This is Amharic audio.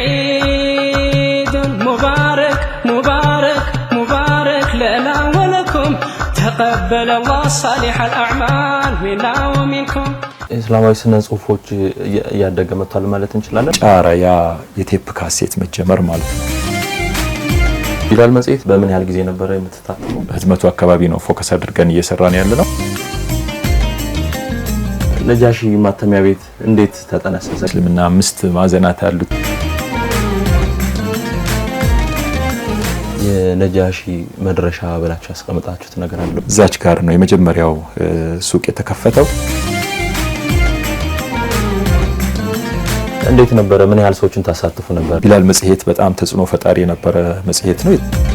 ዒዱን ሙባረክ ሙባረክ ሙባረክ ለና ወለኩም ተቀበለ አላህ ሳሊሕ አልአዕማል ሚና ወሚንኩም። እስላማዊ ስነ ጽሁፎች እያደገ መጥቷል ማለት እንችላለን። ጫረ ያ የቴፕ ካሴት መጀመር ማለት ነው። ቢላል መጽሔት በምን ያህል ጊዜ ነበረ የምትታተመው? በህትመቱ አካባቢ ነው ፎከስ አድርገን እየሰራን ያለ ነው። ነጃሺ ማተሚያ ቤት እንዴት ተጠነሰሰ? እስልምና አምስት ማዕዘናት አሉት። የነጃሺ መድረሻ ብላችሁ ያስቀምጣችሁት ነገር አለ? እዛች ጋር ነው የመጀመሪያው ሱቅ የተከፈተው። እንዴት ነበረ? ምን ያህል ሰዎችን ታሳትፉ ነበር? ቢላል መጽሔት በጣም ተጽዕኖ ፈጣሪ የነበረ መጽሔት ነው።